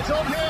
is okay.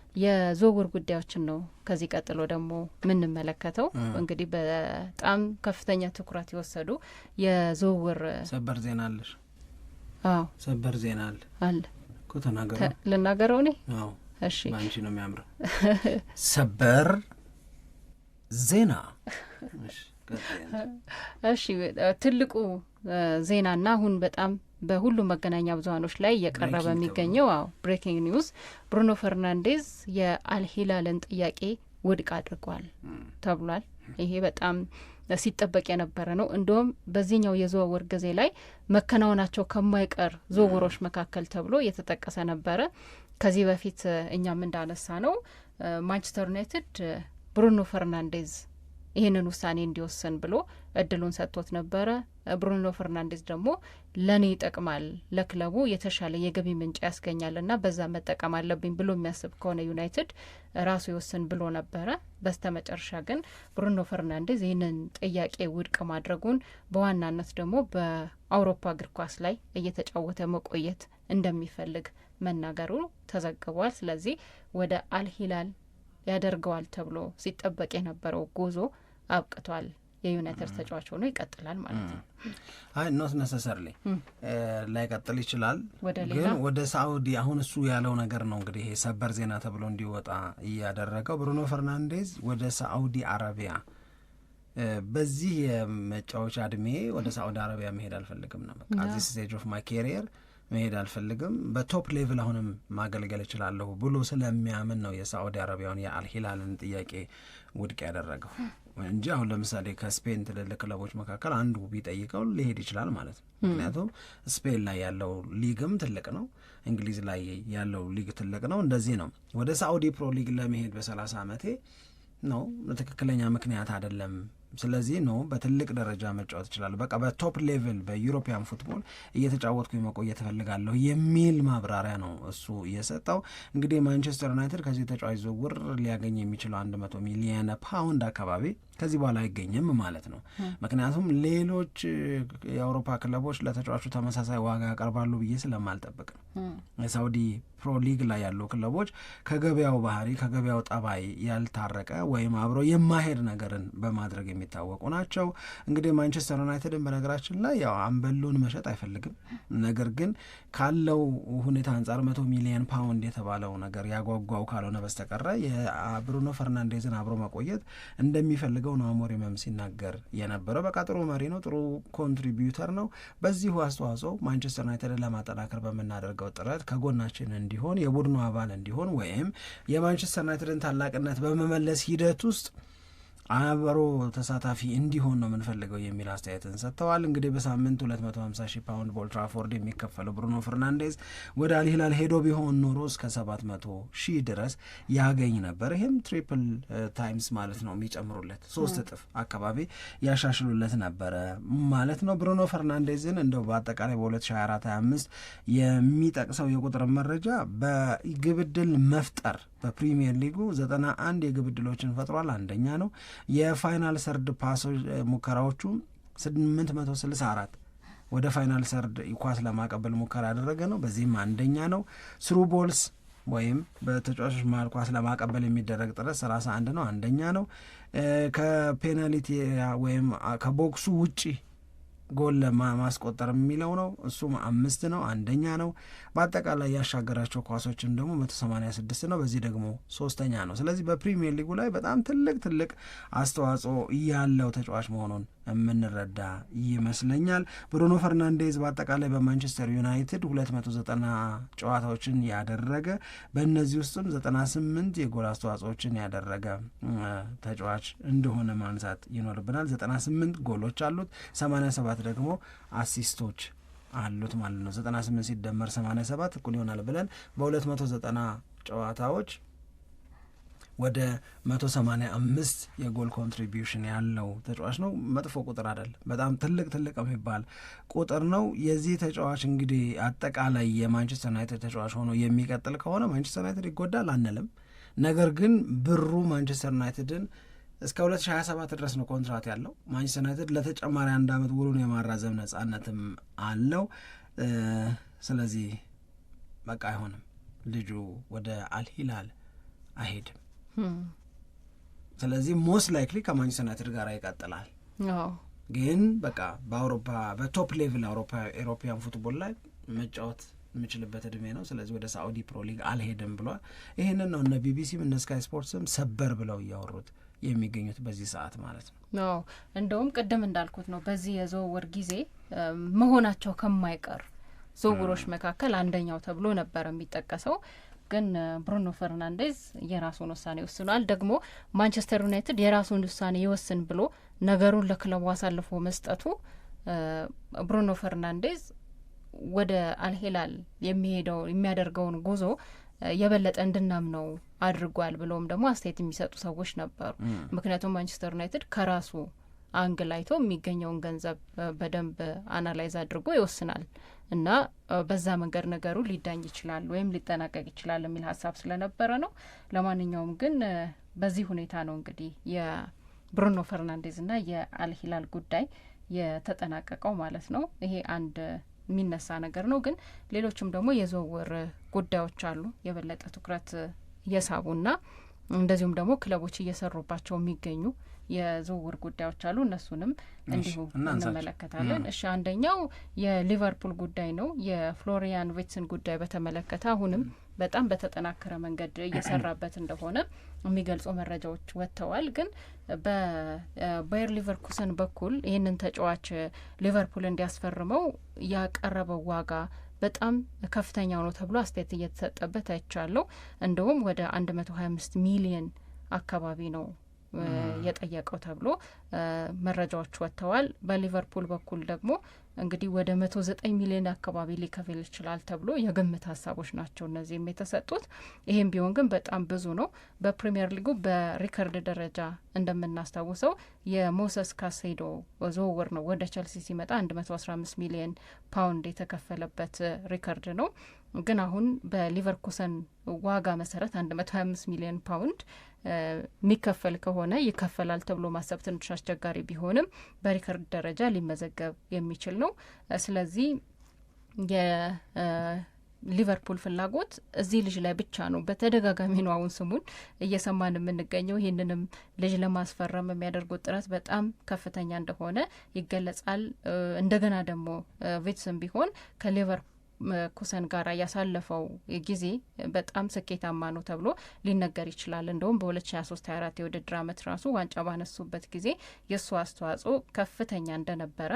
የዝውውር ጉዳዮችን ነው ከዚህ ቀጥሎ ደግሞ የምንመለከተው። እንግዲህ በጣም ከፍተኛ ትኩረት የወሰዱ የዝውውር ሰበር ዜና አለሽ? አዎ ሰበር ዜና አለ አለ እኮ ተናገረው ልናገረው እኔ? አዎ እሺ፣ አንቺ ነው የሚያምረው። ሰበር ዜና እሺ፣ ትልቁ ዜናና አሁን በጣም በሁሉም መገናኛ ብዙሀኖች ላይ እየቀረበ የሚገኘው አዎ ብሬኪንግ ኒውስ ብሩኖ ፈርናንዴዝ የአልሂላልን ጥያቄ ውድቅ አድርጓል ተብሏል። ይሄ በጣም ሲጠበቅ የነበረ ነው። እንዲሁም በዚህኛው የዝውውር ጊዜ ላይ መከናወናቸው ከማይቀር ዝውውሮች መካከል ተብሎ እየተጠቀሰ ነበረ። ከዚህ በፊት እኛም እንዳነሳ ነው ማንቸስተር ዩናይትድ ብሩኖ ፈርናንዴዝ ይህንን ውሳኔ እንዲወስን ብሎ እድሉን ሰጥቶት ነበረ። ብሩኖ ፈርናንዴዝ ደግሞ ለእኔ ይጠቅማል፣ ለክለቡ የተሻለ የገቢ ምንጭ ያስገኛል እና በዛ መጠቀም አለብኝ ብሎ የሚያስብ ከሆነ ዩናይትድ ራሱ ይወስን ብሎ ነበረ። በስተ መጨረሻ ግን ብሩኖ ፈርናንዴዝ ይህንን ጥያቄ ውድቅ ማድረጉን በዋናነት ደግሞ በአውሮፓ እግር ኳስ ላይ እየተጫወተ መቆየት እንደሚፈልግ መናገሩ ተዘግቧል። ስለዚህ ወደ አልሂላል ያደርገዋል ተብሎ ሲጠበቅ የነበረው ጉዞ አብቅቷል። የዩናይትድ ተጫዋች ሆኖ ይቀጥላል ማለት ነው። አይ ኖት ላይ ላይቀጥል ይችላል፣ ግን ወደ ሳውዲ አሁን እሱ ያለው ነገር ነው እንግዲህ ሰበር ዜና ተብሎ እንዲወጣ እያደረገው ብሩኖ ፈርናንዴዝ ወደ ሳውዲ አረቢያ በዚህ የመጫወቻ እድሜ ወደ ሳዑዲ አረቢያ መሄድ አልፈልግም ነው በቃ ዚስ ስቴጅ ኦፍ ማይ ኬሪየር መሄድ አልፈልግም፣ በቶፕ ሌቭል አሁንም ማገልገል እችላለሁ ብሎ ስለሚያምን ነው የሳዑዲ አረቢያውን የአልሂላልን ጥያቄ ውድቅ ያደረገው። እንጂ አሁን ለምሳሌ ከስፔን ትልልቅ ክለቦች መካከል አንዱ ቢጠይቀው ሊሄድ ይችላል ማለት ነው። ምክንያቱም ስፔን ላይ ያለው ሊግም ትልቅ ነው፣ እንግሊዝ ላይ ያለው ሊግ ትልቅ ነው። እንደዚህ ነው። ወደ ሳኡዲ ፕሮ ሊግ ለመሄድ በሰላሳ ዓመቴ ነው ትክክለኛ ምክንያት አይደለም ስለዚህ ነው በትልቅ ደረጃ መጫወት ይችላል። በቃ በቶፕ ሌቭል በዩሮፒያን ፉትቦል እየተጫወትኩ መቆየት እፈልጋለሁ የሚል ማብራሪያ ነው እሱ እየሰጠው። እንግዲህ ማንቸስተር ዩናይትድ ከዚህ ተጫዋች ዝውውር ሊያገኝ የሚችለው አንድ መቶ ሚሊየን ፓውንድ አካባቢ ከዚህ በኋላ አይገኝም ማለት ነው። ምክንያቱም ሌሎች የአውሮፓ ክለቦች ለተጫዋቹ ተመሳሳይ ዋጋ ያቀርባሉ ብዬ ስለማልጠብቅ ነው። የሳውዲ ፕሮ ሊግ ላይ ያሉ ክለቦች ከገበያው ባህሪ ከገበያው ጠባይ ያልታረቀ ወይም አብሮ የማሄድ ነገርን በማድረግ የሚታወቁ ናቸው። እንግዲህ ማንቸስተር ዩናይትድን በነገራችን ላይ ያው አንበሉን መሸጥ አይፈልግም። ነገር ግን ካለው ሁኔታ አንጻር መቶ ሚሊየን ፓውንድ የተባለው ነገር ያጓጓው ካልሆነ በስተቀረ የብሩኖ ፈርናንዴዝን አብሮ መቆየት እንደሚፈልገው ነው አሞሪምም ሲናገር የነበረው በቃ ጥሩ መሪ ነው፣ ጥሩ ኮንትሪቢዩተር ነው። በዚሁ አስተዋጽኦ ማንቸስተር ዩናይትድን ለማጠናከር በምናደርገው ጥረት ከጎናችን እንዲሆን የቡድኑ አባል እንዲሆን ወይም የማንቸስተር ዩናይትድን ታላቅነት በመመለስ ሂደት ውስጥ አበሮ ተሳታፊ እንዲሆን ነው የምንፈልገው የሚል አስተያየትን ሰጥተዋል። እንግዲህ በሳምንት 250 ሺህ ፓውንድ በኦልትራፎርድ የሚከፈለው ብሩኖ ፈርናንዴዝ ወደ አልሂላል ሄዶ ቢሆን ኖሮ እስከ 700 ሺህ ድረስ ያገኝ ነበር። ይህም ትሪፕል ታይምስ ማለት ነው የሚጨምሩለት ሶስት እጥፍ አካባቢ ያሻሽሉለት ነበረ ማለት ነው። ብሩኖ ፈርናንዴዝን እንደው በአጠቃላይ በ2024/25 የሚጠቅሰው የቁጥር መረጃ በግብድል መፍጠር በፕሪሚየር ሊጉ 91 የግብድሎችን ፈጥሯል። አንደኛ ነው። የፋይናል ሰርድ ፓሶች ሙከራዎቹ አራት ወደ ፋይናል ሰርድ ኳስ ለማቀበል ሙከራ ያደረገ ነው። በዚህም አንደኛ ነው። ስሩ ቦልስ ወይም በተጫዋቾች መሃል ኳስ ለማቀበል የሚደረግ ጥረት አንድ ነው፣ አንደኛ ነው። ከፔናሊቲ ወይም ከቦክሱ ውጪ ጎል ለማስቆጠር የሚለው ነው። እሱም አምስት ነው፣ አንደኛ ነው። በአጠቃላይ ያሻገራቸው ኳሶችም ደግሞ መቶ ሰማንያ ስድስት ነው። በዚህ ደግሞ ሶስተኛ ነው። ስለዚህ በፕሪሚየር ሊጉ ላይ በጣም ትልቅ ትልቅ አስተዋጽኦ ያለው ተጫዋች መሆኑን የምንረዳ ይመስለኛል። ብሩኖ ፈርናንዴዝ በአጠቃላይ በማንቸስተር ዩናይትድ 290 ጨዋታዎችን ያደረገ በእነዚህ ውስጥም 98 የጎል አስተዋጽኦችን ያደረገ ተጫዋች እንደሆነ ማንሳት ይኖርብናል። 98 ጎሎች አሉት፣ 87 ደግሞ አሲስቶች አሉት ማለት ነው። 98 ሲደመር 87 እኩል ይሆናል ብለን በ290 ጨዋታዎች ወደ 185 የጎል ኮንትሪቢሽን ያለው ተጫዋች ነው። መጥፎ ቁጥር አይደለም፣ በጣም ትልቅ ትልቅ የሚባል ቁጥር ነው። የዚህ ተጫዋች እንግዲህ አጠቃላይ የማንቸስተር ዩናይትድ ተጫዋች ሆኖ የሚቀጥል ከሆነ ማንቸስተር ዩናይትድ ይጎዳል አንልም። ነገር ግን ብሩ ማንቸስተር ዩናይትድን እስከ 2027 ድረስ ነው ኮንትራት ያለው። ማንቸስተር ዩናይትድ ለተጨማሪ አንድ ዓመት ውሉን የማራዘም ነጻነትም አለው። ስለዚህ በቃ አይሆንም፣ ልጁ ወደ አልሂላል አይሄድም። Hmm. ስለዚህ ሞስት ላይክሊ ከማንቸስተር ዩናይትድ ጋር ይቀጥላል። ግን በቃ በአውሮፓ በቶፕ ሌቭል አውሮፓ ኤሮፓያን ፉትቦል ላይ መጫወት የምችልበት እድሜ ነው። ስለዚህ ወደ ሳዑዲ ፕሮ ሊግ አልሄድም ብሏል። ይህንን ነው እነ ቢቢሲም እነ ስካይ ስፖርትስም ሰበር ብለው እያወሩት የሚገኙት በዚህ ሰዓት ማለት ነው። እንደውም ቅድም እንዳልኩት ነው በዚህ የዝውውር ጊዜ መሆናቸው ከማይቀር ዝውውሮች መካከል አንደኛው ተብሎ ነበር የሚጠቀሰው። ግን ብሩኖ ፈርናንዴዝ የራሱን ውሳኔ ወስኗል። ደግሞ ማንቸስተር ዩናይትድ የራሱን ውሳኔ ይወስን ብሎ ነገሩን ለክለቡ አሳልፎ መስጠቱ ብሩኖ ፈርናንዴዝ ወደ አልሄላል የሚሄደው የሚያደርገውን ጉዞ የበለጠ እንድናምነው አድርጓል ብለውም ደግሞ አስተያየት የሚሰጡ ሰዎች ነበሩ። ምክንያቱም ማንቸስተር ዩናይትድ ከራሱ አንግል አይቶ የሚገኘውን ገንዘብ በደንብ አናላይዝ አድርጎ ይወስናል እና በዛ መንገድ ነገሩ ሊዳኝ ይችላል ወይም ሊጠናቀቅ ይችላል የሚል ሀሳብ ስለነበረ ነው። ለማንኛውም ግን በዚህ ሁኔታ ነው እንግዲህ የብሩኖ እና የአልሂላል ጉዳይ የተጠናቀቀው ማለት ነው። ይሄ አንድ የሚነሳ ነገር ነው። ግን ሌሎችም ደግሞ የዝውውር ጉዳዮች አሉ የበለጠ ትኩረት እየሳቡና እንደዚሁም ደግሞ ክለቦች እየሰሩባቸው የሚገኙ የዝውውር ጉዳዮች አሉ። እነሱንም እንዲሁ እንመለከታለን። እሺ አንደኛው የሊቨርፑል ጉዳይ ነው። የፍሎሪያን ቬትስን ጉዳይ በተመለከተ አሁንም በጣም በተጠናከረ መንገድ እየሰራበት እንደሆነ የሚገልጹ መረጃዎች ወጥተዋል። ግን በባየር ሊቨርኩሰን በኩል ይህንን ተጫዋች ሊቨርፑል እንዲያስፈርመው ያቀረበው ዋጋ በጣም ከፍተኛ ነው ተብሎ አስተያየት እየተሰጠበት አይቻለሁ። እንደውም ወደ 125 ሚሊየን አካባቢ ነው የጠየቀው ተብሎ መረጃዎች ወጥተዋል። በሊቨርፑል በኩል ደግሞ እንግዲህ ወደ መቶ ዘጠኝ ሚሊዮን አካባቢ ሊከፍል ይችላል ተብሎ የግምት ሀሳቦች ናቸው እነዚህም የተሰጡት። ይህም ቢሆን ግን በጣም ብዙ ነው። በፕሪምየር ሊጉ በሪከርድ ደረጃ እንደምናስታውሰው የሞሰስ ካሴዶ ዝውውር ነው ወደ ቸልሲ ሲመጣ አንድ መቶ አስራ አምስት ሚሊዮን ፓውንድ የተከፈለበት ሪከርድ ነው። ግን አሁን በሊቨርኩሰን ዋጋ መሰረት አንድ መቶ ሀያ አምስት ሚሊዮን ፓውንድ የሚከፈል ከሆነ ይከፈላል ተብሎ ማሰብ ትንሽ አስቸጋሪ ቢሆንም በሪከርድ ደረጃ ሊመዘገብ የሚችል ነው። ስለዚህ ሊቨርፑል ፍላጎት እዚህ ልጅ ላይ ብቻ ነው። በተደጋጋሚ ነው አሁን ስሙን እየሰማን የምንገኘው። ይህንንም ልጅ ለማስፈረም የሚያደርጉት ጥረት በጣም ከፍተኛ እንደሆነ ይገለጻል። እንደገና ደግሞ ቬትስም ቢሆን ከሊቨርፑል ኩሰን ጋር ያሳለፈው ጊዜ በጣም ስኬታማ ነው ተብሎ ሊነገር ይችላል። እንደውም በ2023/24 የውድድር አመት ራሱ ዋንጫ ባነሱበት ጊዜ የእሱ አስተዋጽኦ ከፍተኛ እንደነበረ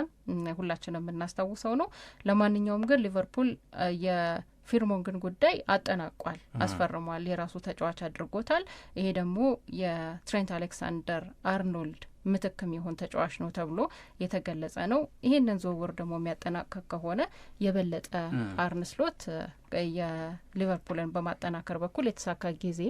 ሁላችንም የምናስታውሰው ነው። ለማንኛውም ግን ሊቨርፑል ፊርሞንግን ጉዳይ አጠናቋል፣ አስፈርሟል፣ የራሱ ተጫዋች አድርጎታል። ይሄ ደግሞ የትሬንት አሌክሳንደር አርኖልድ ምትክም የሆን ተጫዋች ነው ተብሎ የተገለጸ ነው። ይሄንን ዝውውር ደግሞ የሚያጠናቅቅ ከሆነ የበለጠ አርንስሎት የሊቨርፑልን በማጠናከር በኩል የተሳካ ጊዜ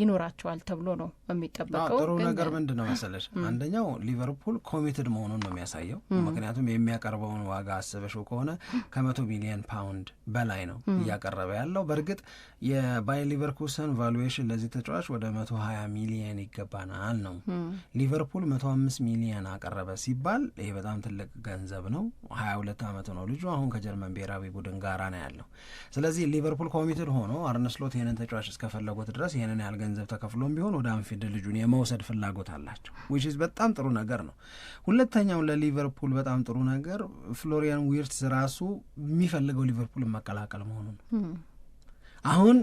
ይኖራቸዋል ተብሎ ነው የሚጠበቀው። ጥሩ ነገር ምንድን ነው መሰለሽ፣ አንደኛው ሊቨርፑል ኮሚትድ መሆኑን ነው የሚያሳየው። ምክንያቱም የሚያቀርበውን ዋጋ አስበሽው ከሆነ ከመቶ ሚሊየን ፓውንድ በላይ ነው እያቀረበ ያለው። በእርግጥ የባየር ሊቨርኩሰን ቫሉዌሽን ለዚህ ተጫዋች ወደ መቶ ሀያ ሚሊየን ይገባናል ነው። ሊቨርፑል መቶ አምስት ሚሊየን አቀረበ ሲባል ይሄ በጣም ትልቅ ገንዘብ ነው። ሀያ ሁለት አመቱ ነው ልጁ። አሁን ከጀርመን ብሔራዊ ቡድን ጋራ ነው ያለው። ስለዚህ ሊቨርፑል ኮሚትድ ሆኖ አርነስሎት ይህንን ተጫዋች እስከፈለጉት ድረስ ይህንን ያህል ገንዘብ ተከፍሎም ቢሆን ወደ አንፊልድ ልጁን የመውሰድ ፍላጎት አላቸው። ዊች በጣም ጥሩ ነገር ነው። ሁለተኛው ለሊቨርፑል በጣም ጥሩ ነገር ፍሎሪያን ዊርትስ ራሱ የሚፈልገው ሊቨርፑልን መቀላቀል መሆኑ ነው። hmm. አሁን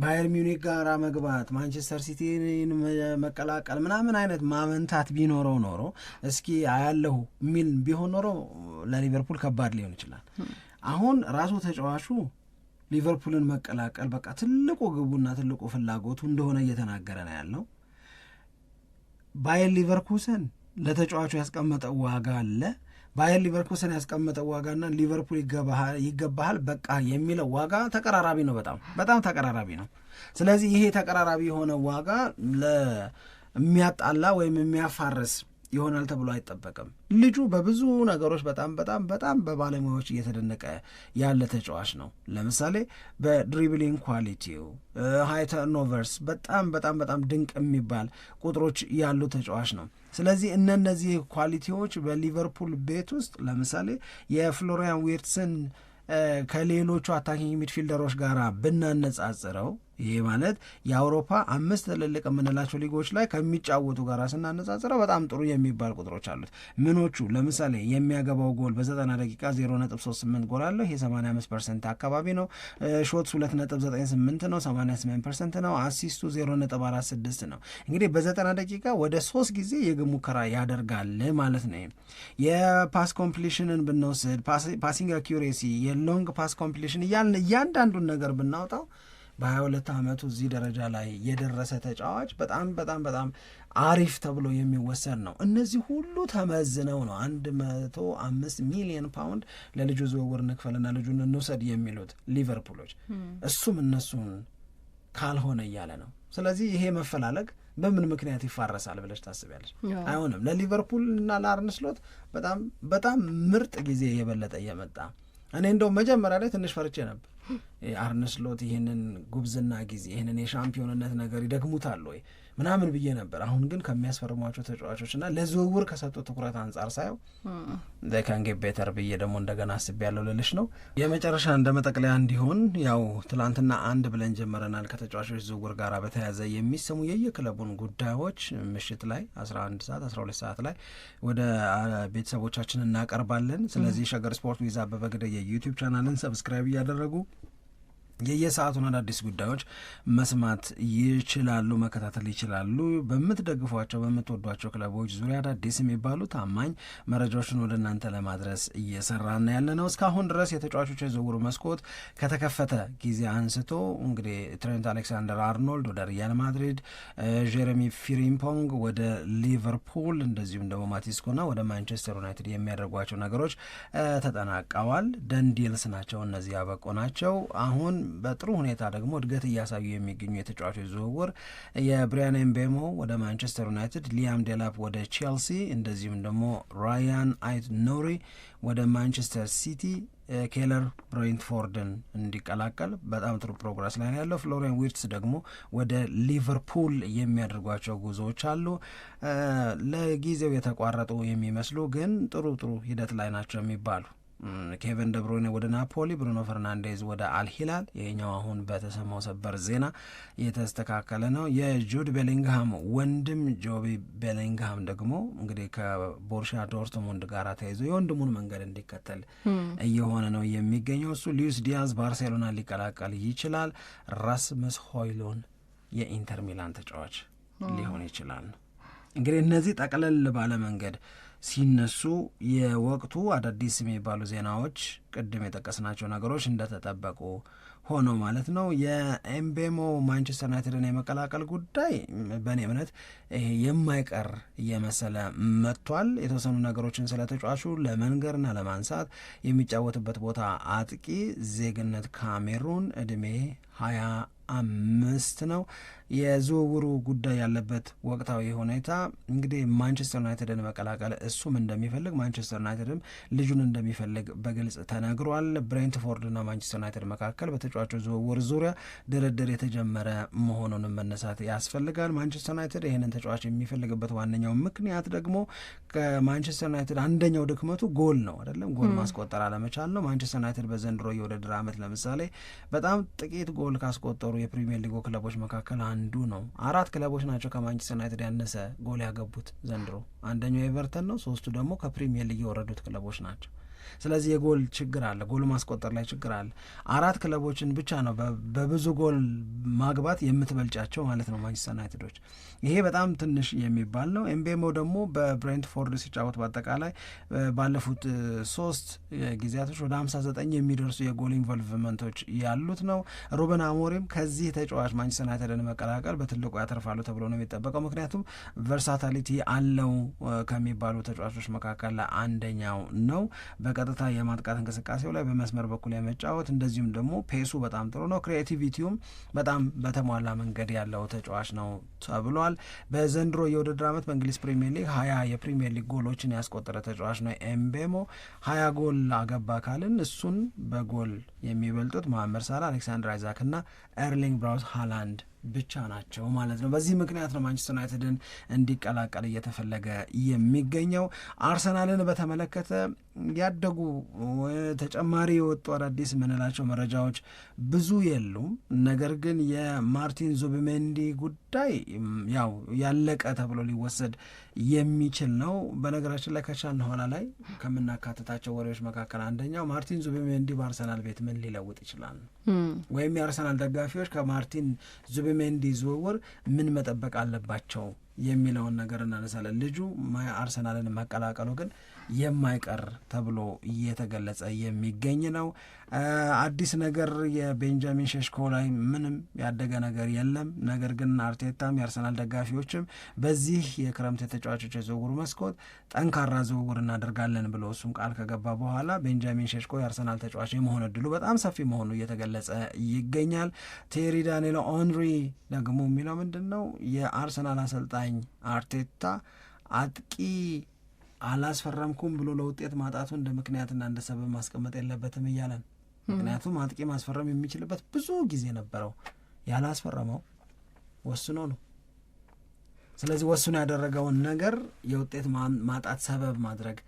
ባየር ሚኒክ ጋር መግባት ማንቸስተር ሲቲን መቀላቀል ምናምን አይነት ማመንታት ቢኖረው ኖሮ እስኪ አያለሁ የሚል ቢሆን ኖሮ ለሊቨርፑል ከባድ ሊሆን ይችላል። hmm. አሁን ራሱ ተጫዋቹ ሊቨርፑልን መቀላቀል በቃ ትልቁ ግቡና ትልቁ ፍላጎቱ እንደሆነ እየተናገረ ነው ያለው። ባየር ሊቨርኩሰን ለተጫዋቹ ያስቀመጠው ዋጋ አለ። ባየር ሊቨርኩሰን ያስቀመጠው ዋጋና ሊቨርፑል ይገባሃል በቃ የሚለው ዋጋ ተቀራራቢ ነው፣ በጣም በጣም ተቀራራቢ ነው። ስለዚህ ይሄ ተቀራራቢ የሆነ ዋጋ ለሚያጣላ ወይም የሚያፋርስ ይሆናል ተብሎ አይጠበቅም። ልጁ በብዙ ነገሮች በጣም በጣም በጣም በባለሙያዎች እየተደነቀ ያለ ተጫዋች ነው። ለምሳሌ በድሪብሊንግ ኳሊቲው፣ ሃይ ተርኖቨርስ በጣም በጣም በጣም ድንቅ የሚባል ቁጥሮች ያሉ ተጫዋች ነው። ስለዚህ እነነዚህ ኳሊቲዎች በሊቨርፑል ቤት ውስጥ ለምሳሌ የፍሎሪያን ዊርትስን ከሌሎቹ አታኪንግ ሚድፊልደሮች ጋር ብናነጻጽረው ይሄ ማለት የአውሮፓ አምስት ትልልቅ የምንላቸው ሊጎች ላይ ከሚጫወቱ ጋር ስናነጻጽረው በጣም ጥሩ የሚባል ቁጥሮች አሉት። ምኖቹ ለምሳሌ የሚያገባው ጎል በ90 ደቂቃ 0.38 ጎል አለው። ይሄ 85 ፐርሰንት አካባቢ ነው። ሾትስ 2.98 ነው፣ 88 ፐርሰንት ነው። አሲስቱ 0.46 ነው። እንግዲህ በዘጠና ደቂቃ ወደ ሶስት ጊዜ የግብ ሙከራ ያደርጋል ማለት ነው። የፓስ ኮምፕሊሽንን ብንወስድ ፓሲንግ አኪሬሲ፣ የሎንግ ፓስ ኮምፕሊሽን እያልን እያንዳንዱን ነገር ብናውጣው በ22 ዓመቱ እዚህ ደረጃ ላይ የደረሰ ተጫዋች በጣም በጣም በጣም አሪፍ ተብሎ የሚወሰድ ነው። እነዚህ ሁሉ ተመዝነው ነው መቶ አምስት ሚሊዮን ፓውንድ ለልጁ ዝውውር እንክፈልና ልጁን እንውሰድ የሚሉት ሊቨርፑሎች። hmm. እሱም እነሱን ካልሆነ እያለ ነው። ስለዚህ ይሄ መፈላለግ በምን ምክንያት ይፋረሳል ብለሽ ታስቢያለሽ? አይሆንም። ለሊቨርፑል እና ለአርነ ስሎት በጣም በጣም ምርጥ ጊዜ የበለጠ እየመጣ እኔ እንደው መጀመሪያ ላይ ትንሽ ፈርቼ ነበር አርነስሎት ይህንን ጉብዝና ጊዜ ይህንን የሻምፒዮንነት ነገር ይደግሙታል ወይ ምናምን ብዬ ነበር። አሁን ግን ከሚያስፈርሟቸው ተጫዋቾች ተጫዋቾችና ለዝውውር ከሰጡ ትኩረት አንጻር ሳየው ከንጌ ቤተር ብዬ ደግሞ እንደገና አስቤ ያለው ልልሽ ነው። የመጨረሻ እንደ መጠቅለያ እንዲሆን ያው ትላንትና አንድ ብለን ጀመረናል። ከተጫዋቾች ዝውውር ጋር በተያያዘ የሚሰሙ የየክለቡን ጉዳዮች ምሽት ላይ አስራ አንድ ሰዓት አስራ ሁለት ሰዓት ላይ ወደ ቤተሰቦቻችን እናቀርባለን። ስለዚህ ሸገር ስፖርት ዊዛ አበበ ግደይ የዩቲዩብ ቻናልን ሰብስክራይብ እያደረጉ የየሰዓቱን አዳዲስ ጉዳዮች መስማት ይችላሉ፣ መከታተል ይችላሉ። በምትደግፏቸው በምትወዷቸው ክለቦች ዙሪያ አዳዲስ የሚባሉ ታማኝ መረጃዎችን ወደ እናንተ ለማድረስ እየሰራና ያለ ነው። እስካሁን ድረስ የተጫዋቾች የዝውውር መስኮት ከተከፈተ ጊዜ አንስቶ እንግዲህ ትሬንት አሌክሳንደር አርኖልድ ወደ ሪያል ማድሪድ፣ ጀረሚ ፊሪምፖንግ ወደ ሊቨርፑል፣ እንደዚሁም ደግሞ ማቲስ ኩና ወደ ማንቸስተር ዩናይትድ የሚያደርጓቸው ነገሮች ተጠናቀዋል። ደንዲልስ ናቸው እነዚህ ያበቁ ናቸው አሁን በጥሩ ሁኔታ ደግሞ እድገት እያሳዩ የሚገኙ የተጫዋቾች ዝውውር የብሪያን ኤምቤሞ ወደ ማንቸስተር ዩናይትድ፣ ሊያም ዴላፕ ወደ ቼልሲ፣ እንደዚሁም ደግሞ ራያን አይት ኖሪ ወደ ማንቸስተር ሲቲ ኬለር ብሬንትፎርድን እንዲቀላቀል በጣም ጥሩ ፕሮግረስ ላይ ነው ያለው። ፍሎሪያን ዊርትስ ደግሞ ወደ ሊቨርፑል የሚያደርጓቸው ጉዞዎች አሉ። ለጊዜው የተቋረጡ የሚመስሉ ግን ጥሩ ጥሩ ሂደት ላይ ናቸው የሚባሉ ኬቨን ደብሮይኔ ወደ ናፖሊ፣ ብሩኖ ፈርናንዴዝ ወደ አልሂላል። ይሄኛው አሁን በተሰማው ሰበር ዜና የተስተካከለ ነው። የጁድ ቤሊንግሃም ወንድም ጆቢ ቤሊንግሃም ደግሞ እንግዲህ ከቦርሻ ዶርትሙንድ ጋር ተይዞ የወንድሙን መንገድ እንዲከተል እየሆነ ነው የሚገኘው። እሱ ሊዩስ ዲያዝ ባርሴሎና ሊቀላቀል ይችላል። ራስመስ ሆይሎን የኢንተር ሚላን ተጫዋች ሊሆን ይችላል። እንግዲህ እነዚህ ጠቅለል ባለ መንገድ ሲነሱ የወቅቱ አዳዲስ የሚባሉ ዜናዎች ቅድም የጠቀስናቸው ነገሮች እንደተጠበቁ ሆኖ ማለት ነው። የኤምቤሞ ማንቸስተር ዩናይትድን የመቀላቀል ጉዳይ በእኔ እምነት የማይቀር እየመሰለ መጥቷል። የተወሰኑ ነገሮችን ስለ ተጫዋቹ ለመንገርና ለማንሳት የሚጫወትበት ቦታ አጥቂ፣ ዜግነት ካሜሩን፣ እድሜ ሀያ አምስት ነው። የዝውውሩ ጉዳይ ያለበት ወቅታዊ ሁኔታ እንግዲህ ማንቸስተር ዩናይትድን መቀላቀል እሱም እንደሚፈልግ ማንቸስተር ዩናይትድም ልጁን እንደሚፈልግ በግልጽ ተነግሯል። ብሬንትፎርድና ማንቸስተር ዩናይትድ መካከል በተጫዋቹ ዝውውር ዙሪያ ድርድር የተጀመረ መሆኑንም መነሳት ያስፈልጋል። ማንቸስተር ዩናይትድ ይህንን ተጫዋች የሚፈልግበት ዋነኛው ምክንያት ደግሞ ከማንቸስተር ዩናይትድ አንደኛው ድክመቱ ጎል ነው አይደለም፣ ጎል ማስቆጠር አለመቻል ነው። ማንቸስተር ዩናይትድ በዘንድሮ የውድድር ዓመት ለምሳሌ በጣም ጥቂት ጎል ካስቆጠሩ የፕሪሚየር ሊጉ ክለቦች መካከል አንዱ ነው። አራት ክለቦች ናቸው ከማንቸስተር ዩናይትድ ያነሰ ጎል ያገቡት ዘንድሮ። አንደኛው ኤቨርተን ነው። ሶስቱ ደግሞ ከፕሪሚየር ሊግ የወረዱት ክለቦች ናቸው። ስለዚህ የጎል ችግር አለ፣ ጎል ማስቆጠር ላይ ችግር አለ። አራት ክለቦችን ብቻ ነው በብዙ ጎል ማግባት የምትበልጫቸው ማለት ነው ማንቸስተር ዩናይትዶች። ይሄ በጣም ትንሽ የሚባል ነው። ኤምቤሞ ደግሞ በብሬንትፎርድ ሲጫወት በአጠቃላይ ባለፉት ሶስት ጊዜያቶች ወደ ዘጠኝ የሚደርሱ የጎል ኢንቮልቭመንቶች ያሉት ነው። ሩበን አሞሪም ከዚህ ተጫዋች ማንቸስተር ዩናይትድን መቀላቀል በትልቁ ያተርፋሉ ተብሎ ነው የሚጠበቀው። ምክንያቱም ቨርሳታሊቲ አለው ከሚባሉ ተጫዋቾች መካከል አንደኛው ነው። በቀጥታ የማጥቃት እንቅስቃሴው ላይ በመስመር በኩል የመጫወት እንደዚሁም ደግሞ ፔሱ በጣም ጥሩ ነው፣ ክሪኤቲቪቲውም በጣም በተሟላ መንገድ ያለው ተጫዋች ነው ተብሏል። በዘንድሮ የውድድር ዓመት በእንግሊዝ ፕሪሚየር ሊግ ሀያ የፕሪሚየር ሊግ ጎሎችን ያስቆጠረ ተጫዋች ነው ኤምቤሞ። ሀያ ጎል አገባ ካልን እሱን በጎል የሚበልጡት መሐመድ ሳላ፣ አሌክሳንድር አይዛክ እና ኤርሊንግ ብራውት ሃላንድ ብቻ ናቸው ማለት ነው። በዚህ ምክንያት ነው ማንቸስተር ዩናይትድን እንዲቀላቀል እየተፈለገ የሚገኘው። አርሰናልን በተመለከተ ያደጉ ተጨማሪ የወጡ አዳዲስ የምንላቸው መረጃዎች ብዙ የሉም። ነገር ግን የማርቲን ዙቢሜንዲ ጉዳይ ጉዳይ ያው ያለቀ ተብሎ ሊወሰድ የሚችል ነው። በነገራችን ላይ ከቻልን ኋላ ላይ ከምናካትታቸው ወሬዎች መካከል አንደኛው ማርቲን ዙቢሜንዲ በአርሰናል ቤት ምን ሊለውጥ ይችላል ወይም የአርሰናል ደጋፊዎች ከማርቲን ዙቢሜንዲ ዝውውር ምን መጠበቅ አለባቸው የሚለውን ነገር እናነሳለን። ልጁ አርሰናልን መቀላቀሉ ግን የማይቀር ተብሎ እየተገለጸ የሚገኝ ነው። አዲስ ነገር የቤንጃሚን ሸሽኮ ላይ ምንም ያደገ ነገር የለም። ነገር ግን አርቴታም የአርሰናል ደጋፊዎችም በዚህ የክረምት የተጫዋቾች የዝውውር መስኮት ጠንካራ ዝውውር እናደርጋለን ብሎ እሱም ቃል ከገባ በኋላ ቤንጃሚን ሸሽኮ የአርሰናል ተጫዋች የመሆን እድሉ በጣም ሰፊ መሆኑ እየተገለጸ ይገኛል። ቴሪ ዳንኤል ኦንሪ ደግሞ የሚለው ምንድን ነው የአርሰናል አሰልጣኝ አሰልጣኝ አርቴታ አጥቂ አላስፈረምኩም ብሎ ለውጤት ማጣቱ እንደ ምክንያትና እንደ ሰበብ ማስቀመጥ የለበትም እያለን ምክንያቱም አጥቂ ማስፈረም የሚችልበት ብዙ ጊዜ ነበረው። ያላስፈረመው ወስኖ ነው። ስለዚህ ወስኖ ያደረገውን ነገር የውጤት ማጣት ሰበብ ማድረግ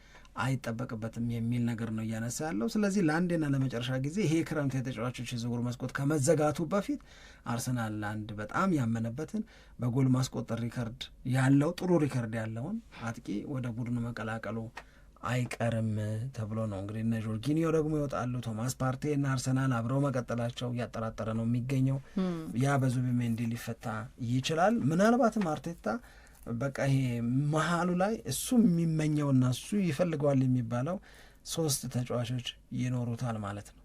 አይጠበቅበትም የሚል ነገር ነው እያነሳ ያለው። ስለዚህ ለአንዴና ለመጨረሻ ጊዜ ይሄ ክረምት የተጫዋቾች የዝውውር መስኮት ከመዘጋቱ በፊት አርሰናል ለአንድ በጣም ያመነበትን በጎል ማስቆጠር ሪከርድ ያለው ጥሩ ሪከርድ ያለውን አጥቂ ወደ ቡድኑ መቀላቀሉ አይቀርም ተብሎ ነው እንግዲህ እነ ጆርጊኒዮ ደግሞ ይወጣሉ። ቶማስ ፓርቴ እና አርሰናል አብረው መቀጠላቸው እያጠራጠረ ነው የሚገኘው። ያ በዙቢሜንዲ ሊፈታ ይችላል። ምናልባትም አርቴታ በቃ ይሄ መሀሉ ላይ እሱ የሚመኘውና እሱ ይፈልገዋል የሚባለው ሶስት ተጫዋቾች ይኖሩታል ማለት ነው።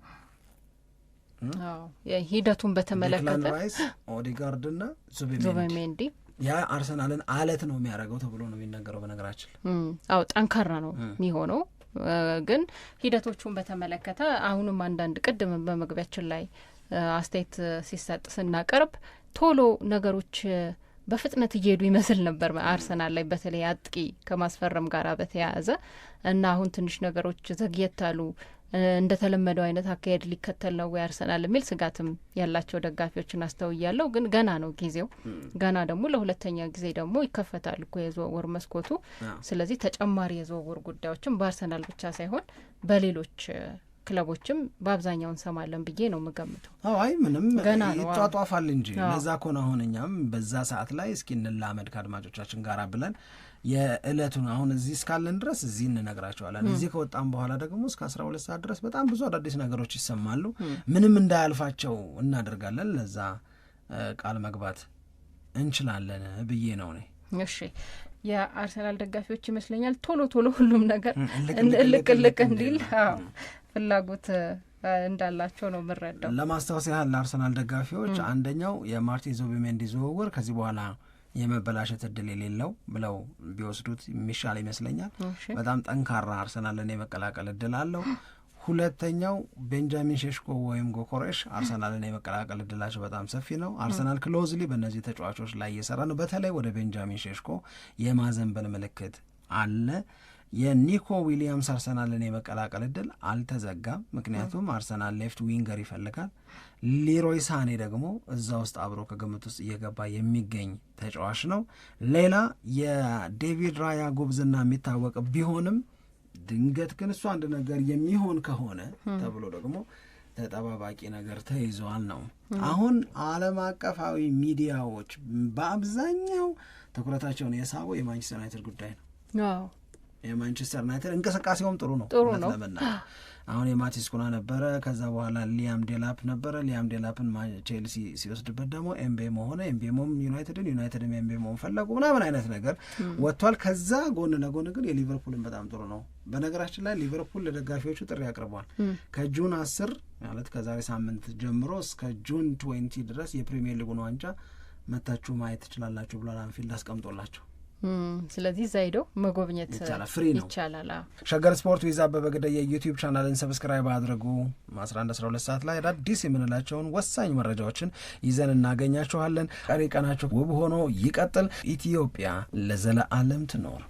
ሂደቱን በተመለከተ ራይስ፣ ና ዙቤሜንዲ ያ አርሰናልን አለት ነው የሚያደርገው ተብሎ ነው የሚነገረው። በነገራችን አዎ ጠንካራ ነው የሚሆነው ግን ሂደቶቹን በተመለከተ አሁንም አንዳንድ ቅድም በመግቢያችን ላይ አስተያየት ሲሰጥ ስናቀርብ ቶሎ ነገሮች በፍጥነት እየሄዱ ይመስል ነበር አርሰናል ላይ በተለይ አጥቂ ከማስፈረም ጋር በተያያዘ እና አሁን ትንሽ ነገሮች ዘግየት አሉ። እንደተለመደው አይነት አካሄድ ሊከተል ነው ወይ አርሰናል የሚል ስጋትም ያላቸው ደጋፊዎችን አስተውያለሁ። ግን ገና ነው ጊዜው። ገና ደግሞ ለሁለተኛ ጊዜ ደግሞ ይከፈታል እኮ የዝውውር መስኮቱ። ስለዚህ ተጨማሪ የዝውውር ጉዳዮችም በአርሰናል ብቻ ሳይሆን በሌሎች ክለቦችም በአብዛኛው እንሰማለን ብዬ ነው የምገምተው። አይ ምንም ገና ይጧጧፋል እንጂ እነዛ ኮን አሁን እኛም በዛ ሰዓት ላይ እስኪ እንላመድ ከአድማጮቻችን ጋር ብለን የእለቱን አሁን እዚህ እስካለን ድረስ እዚህ እንነግራቸዋለን። እዚህ ከወጣም በኋላ ደግሞ እስከ አስራ ሁለት ሰዓት ድረስ በጣም ብዙ አዳዲስ ነገሮች ይሰማሉ። ምንም እንዳያልፋቸው እናደርጋለን። ለዛ ቃል መግባት እንችላለን ብዬ ነው እኔ እሺ የአርሰናል ደጋፊዎች ይመስለኛል ቶሎ ቶሎ ሁሉም ነገር እልቅ እንዲል ፍላጎት እንዳላቸው ነው የምንረዳው። ለማስታወስ ያህል ለአርሰናል ደጋፊዎች አንደኛው የማርቲን ዙቢሜንዲ ዝውውር ከዚህ በኋላ የመበላሸት እድል የሌለው ብለው ቢወስዱት የሚሻል ይመስለኛል። በጣም ጠንካራ አርሰናልን የመቀላቀል እድል አለው። ሁለተኛው ቤንጃሚን ሼሽኮ ወይም ጎኮሬሽ አርሰናልን የመቀላቀል እድላቸው በጣም ሰፊ ነው። አርሰናል ክሎዝሊ በእነዚህ ተጫዋቾች ላይ እየሰራ ነው። በተለይ ወደ ቤንጃሚን ሼሽኮ የማዘንበል ምልክት አለ። የኒኮ ዊሊያምስ አርሰናልን የመቀላቀል እድል አልተዘጋም። ምክንያቱም አርሰናል ሌፍት ዊንገር ይፈልጋል። ሊሮይ ሳኔ ደግሞ እዛ ውስጥ አብሮ ከግምት ውስጥ እየገባ የሚገኝ ተጫዋች ነው። ሌላ የዴቪድ ራያ ጉብዝና የሚታወቅ ቢሆንም ድንገት ግን እሱ አንድ ነገር የሚሆን ከሆነ ተብሎ ደግሞ ተጠባባቂ ነገር ተይዘዋል ነው። አሁን ዓለም አቀፋዊ ሚዲያዎች በአብዛኛው ትኩረታቸውን የሳበው የማንቸስተር ዩናይትድ ጉዳይ ነው። የማንቸስተር ዩናይትድ እንቅስቃሴውም ጥሩ ነው ጥሩ ነው ለመና አሁን የማቲስ ኩና ነበረ ከዛ በኋላ ሊያም ዴላፕ ነበረ ሊያም ዴላፕን ቼልሲ ሲወስድበት ደግሞ ኤምቤሞ ሆነ ኤምቤሞም ዩናይትድን ዩናይትድም ኤምቤሞን ፈለጉ ምናምን አይነት ነገር ወጥቷል ከዛ ጎን ለጎን ግን የሊቨርፑልን በጣም ጥሩ ነው በነገራችን ላይ ሊቨርፑል ለደጋፊዎቹ ጥሪ አቅርቧል ከጁን አስር ማለት ከዛሬ ሳምንት ጀምሮ እስከ ጁን ትዌንቲ ድረስ የፕሪሚየር ሊጉን ዋንጫ መታችሁ ማየት ትችላላችሁ ብሏል አንፊልድ አስቀምጦላቸው ስለዚህ እዛ ሄደው መጎብኘት ፍሪ ነው ይቻላል። ሸገር ስፖርት ዊዛ አበበ ገደይ የዩቲዩብ ቻናልን ሰብስክራይብ አድርጉ። 11 12 ሰዓት ላይ አዳዲስ የምንላቸውን ወሳኝ መረጃዎችን ይዘን እናገኛችኋለን። ቀሪ ቀናቸው ውብ ሆኖ ይቀጥል። ኢትዮጵያ ለዘለዓለም ትኖር።